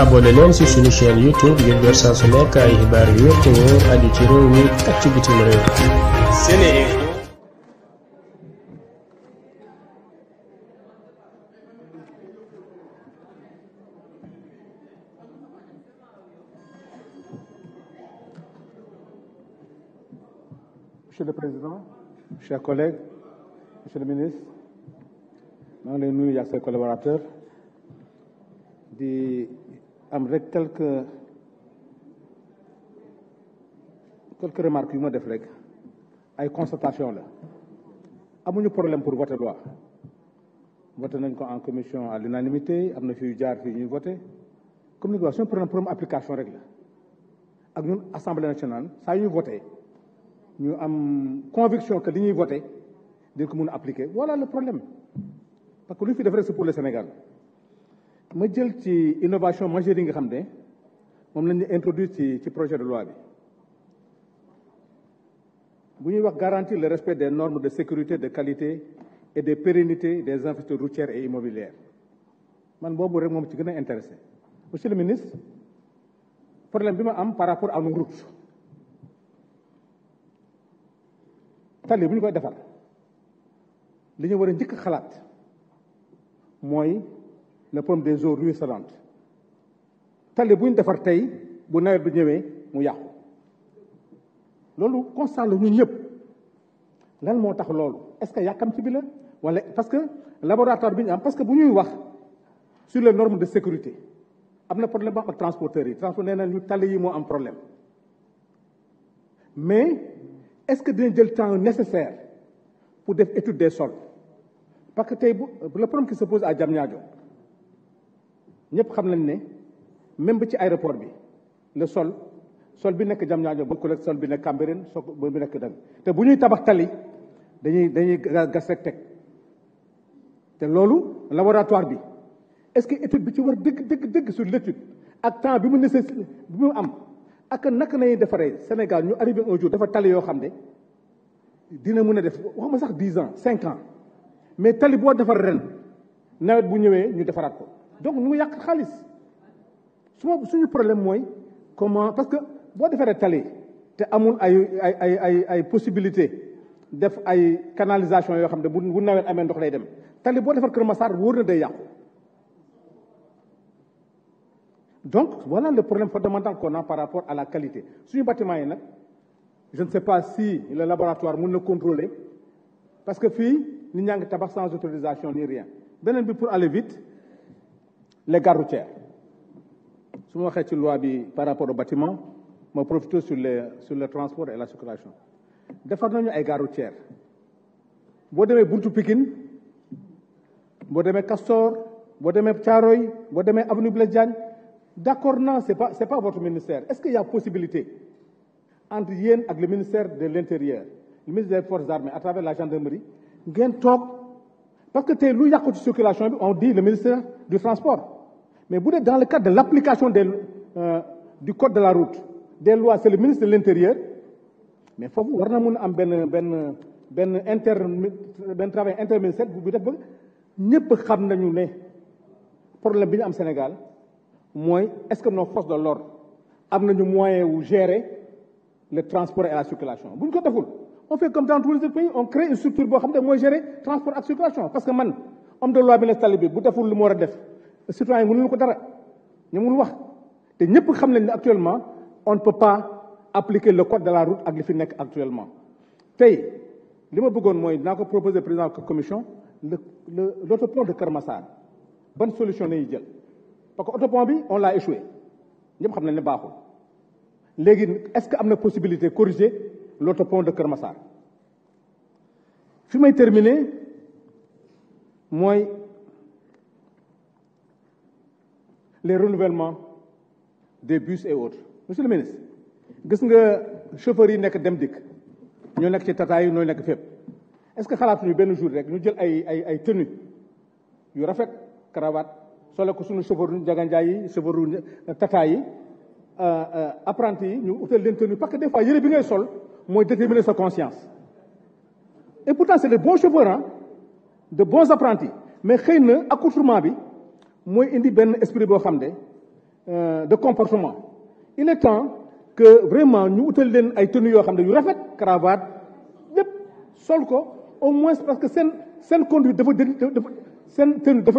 abonné leen ci suñu chaîne YouTube ngir jot saa su nekk ay xibaar yu wér te wóor aju ci réew mi ak ci bitim réew. Monsieur le Président, chers collègues, Monsieur le Ministre, maa ngi lay nuyu ak say collaborateurs di am rek quelque quelques remarques yu ma def rek ay constatation la amuñu problème pour voter loi voté nañ ko en commission à l'unanimité am na fi jaar fii ñuy voté comme ni nga wax suñu problème application rek la ak ñu assemblée nationale saa ñu voté ñu am conviction que li ñuy voté dañ ku mën a appliquer voilà le problème parce que lu fi def rek c'est pour le Sénégal ma jël ci innovation majeure yi nga xam ne moom la ñu introduire ci ci projet de loi bi bu ñuy wax garantir le respect des normes de sécurité de qualité et de pérennité des infrastructures routières et immobilières man boobu rek moom ci gën a intéressé monsieur le ministre problème bi ma am par rapport à nos tali bu ñu koy defar li ñu war a njëkk xalaat mooy le problème des eaux ruisselantes tali bu ñu defar tey bu nawet bi ñëwee mu yàqu loolu constat la ñun ñëpp lan moo tax loolu est-ce que yàkkam ci bi la wala parce que laboratoire bi ñu am parce que bu ñuy wax sur les normes de sécurité am na problème ba ak transporteurs yi transport nee na ñu tali yi moo am problème mais est-ce que dina jël temps nécessaire pour def étude des sols parce que tey bu le problème qui se pose à Diamniadio ñëpp xam nañ ne même bi ci aéroport bi le sol sol bi nekk Diamniadio bokkul ak sol bi nekk Cambérène so bi nekk dang te bu ñuy tabax tali dañuy dañuy gas rek teg te loolu laboratoire bi est-ce que étude bi ci war dëgg dëgg dëgg sur l'étude ak temps bi mu nécessité bi mu am ak naka nañuy defaree Sénégal ñu arrivé un jour dafa tali yoo xam ne dina mën a def ma sax dix ans cinq ans mais tali boo defar ren nawet bu ñëwee ñu defaraat ko donc ñu ngi yàq xaalis suma suñu problème mooy comment parce que boo defaree tali te amul ay ay ay ay ay possibilité def ay canalisation yoo xam ne bu bu nawet amee ndox lay dem tali boo defar Kër Massar wóor na day yàqu donc voilà le problème fondamental qu'on a par rapport à la qualité suñu bâtiment yi nag je ne sais pas si la laboratoire mun na contrôler parce que fii ni ñaa ngi tabax sans autorisation ni rien beneen bi pour aller vite les gares routières su ma waxee ci loi bi par rapport au bâtiment ma profité sur les sur le transport et la circulation defar nañu ay gares boo demee buntu Pikine boo demee Castor boo demee Thiaroye boo demee avenue Blaise Diagne d'accord non c'est pas c'est pas votre ministère est-ce qu'il y a possibilité entre yéen ak le ministère de l'intérieur le ministère des forces armées à travers la gendarmerie ngeen toog parce que te lu yàqu ci circulation bi on dit le ministère du transport mais bu dee dans le cadre de l'application des euh, la route des lois c'est le ministre de l'intérieur mais foofu war na mën a am benn benn benn inter benn travail interministériel bu def ba ñëpp xam nañu ne problème bi ñu am Sénégal mooy est-ce que nos forces de l'ordre am nañu moyen wu gérer le transport et la circulation bu ñu ko deful on fait comme dans tous les autres pays on crée une structure boo xam ne mooy gérer transport ak circulation parce que man homme de loi ne tali bi deful lu mu war a def citoyen lu ko dara ñu mun wax te ñëpp xam nañ ne actuellement on ne peut pas appliquer le code de la route ak li fi nekk actuellement tey li ma bëggoon mooy naa ko proposer président commission le le l' autopont de Keur Massar ban solution yi jël parce que autopont bi on l'a échoué ñëpp xam nañ ne baaxul léegi est ce que am na possibilité corriger l' pont de Keur Massar fi may terminer mooy les renouvellements des bus et autres monsieur le ministre gis nga chauffeurs yi nekk dem dikk ñoo nekk ci tata yi ñoo nekk fépp est-ce que xalaatuñu benn jour rek ñu jël ay ay ay yu rafet cravate sole ko suñu chauffeur u jaganjaay yi chauffeur u euh, tata yi euh, euh, apprenti yi ñu utal leen tenue parce que des fois yëre bi ngay sol mooy déterminer sa conscience et pourtant c'est de bons chauffeurs de bons apprentis mais xëy na accoutrement bi mooy indi benn esprit boo xam ne euh, de comportement il est temps que vraiment ñu utal leen ay tenues yoo xam ne yu rafet cravate lépp sol ko au moins parce que seen seen conduite dafa dafa seen tenue dafa